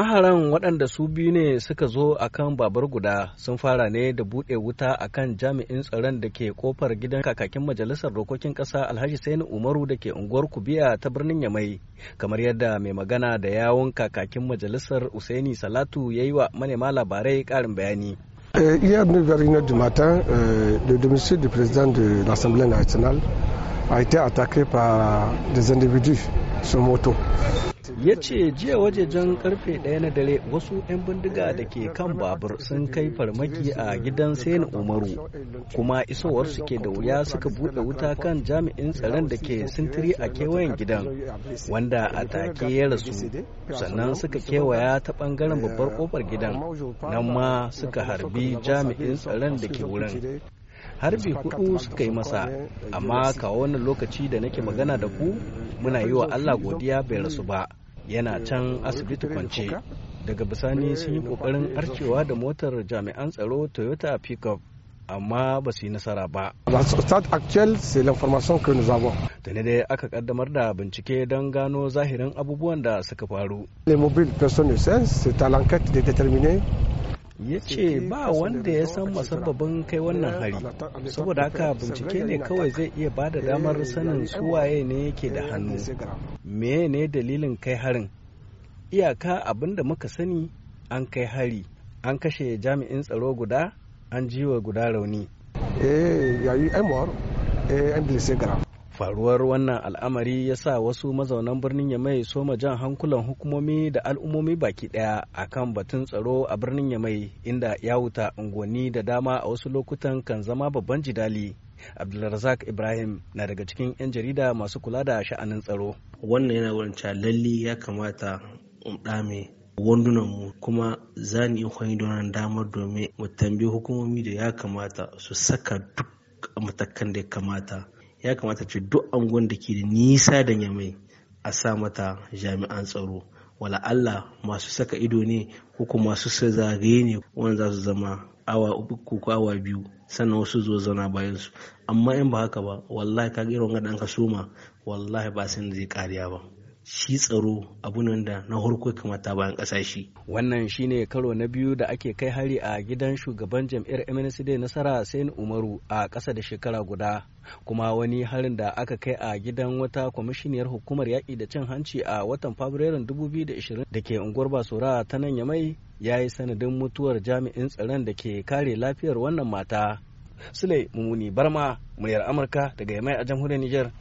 maharan waɗanda su biyu ne suka zo akan babar guda sun fara ne da buɗe wuta akan jami'in tsaron da ke kofar gidan kakakin majalisar dokokin ƙasa alhaji sainu umaru da ke unguwar kubiya ta birnin yamai kamar yadda mai magana da yawon kakakin majalisar usaini salatu ya yi wa manema labarai karin bayani Hier, du matin, le domicile du président de l'Assemblée nationale a été attaqué par des individus sur moto. ya ce jiya wajejen karfe ɗaya na dare wasu 'yan bindiga da ke kan babur sun kai farmaki a gidan sayan umaru kuma isowar su ke da wuya suka buɗe wuta kan jami'in tsaron da ke sintiri a kewayen gidan wanda a take ya rasu sannan suka kewaya ta bangaren babbar kofar gidan nan ma suka harbi jami'in tsaron da ke wurin harbi hudu suka yi masa amma kawo wannan lokaci da nake magana da ku muna yi wa allah godiya bai rasu ba yana can asibiti kwance daga bisani sun yi kokarin arcewa da motar jami'an tsaro toyota pickup amma ba su yi nasara ba. Da ne dai aka kaddamar da bincike don gano zahirin abubuwan da suka faru. ya ce ba wanda ya san masababin kai wannan hari saboda haka bincike ne kawai zai iya ba da eh, damar sanin suwaye ne yake da eh, hannu meye ne dalilin kai harin iyaka abin da muka sani an kai hari an kashe jami'in tsaro guda an jiwa guda rauni eh yayi faruwar wannan al'amari ya sa wasu mazaunan birnin yamai soma jan hankulan hukumomi da al'ummomi baki daya a kan batun tsaro a birnin yamai inda ya wuta unguwanni da dama a wasu lokutan kan zama babban jidali abdulrazak ibrahim na daga cikin 'yan jarida masu kula da sha'anin tsaro wannan yana wurin lalle ya kamata in dame mu kuma za ni yi donan damar domin mu tambayi hukumomi da ya kamata su saka duk matakan da ya kamata ya kamata ce duk anguwan da ke da nisa da nyamai a sa mata jami'an tsaro wala Allah masu saka ido ne ko kuma masu zagaye ne wanda za su zama awa uku ko awa biyu sannan wasu zo zauna bayan su amma in ba haka ba wallahi ka irin wanda an ka soma wallahi ba sai zai kariya ba shi tsaro abu da na harko kamata bayan Wannan shi. Wannan shine karo na biyu da ake kai hari a gidan shugaban jam'iyyar MNCD Nasara Sain Umaru a ƙasa da shekara guda. Kuma wani harin da aka kai a gidan wata kwamishiniyar hukumar yaƙi da cin hanci a watan Fabrairun 2020 da ke unguwar Basura ta nan Yamai ya yi sanadin mutuwar jami'in tsaron da ke kare lafiyar wannan mata. Sule Mumuni Barma, muryar Amurka daga Yamai a jamhuriyar Nijar.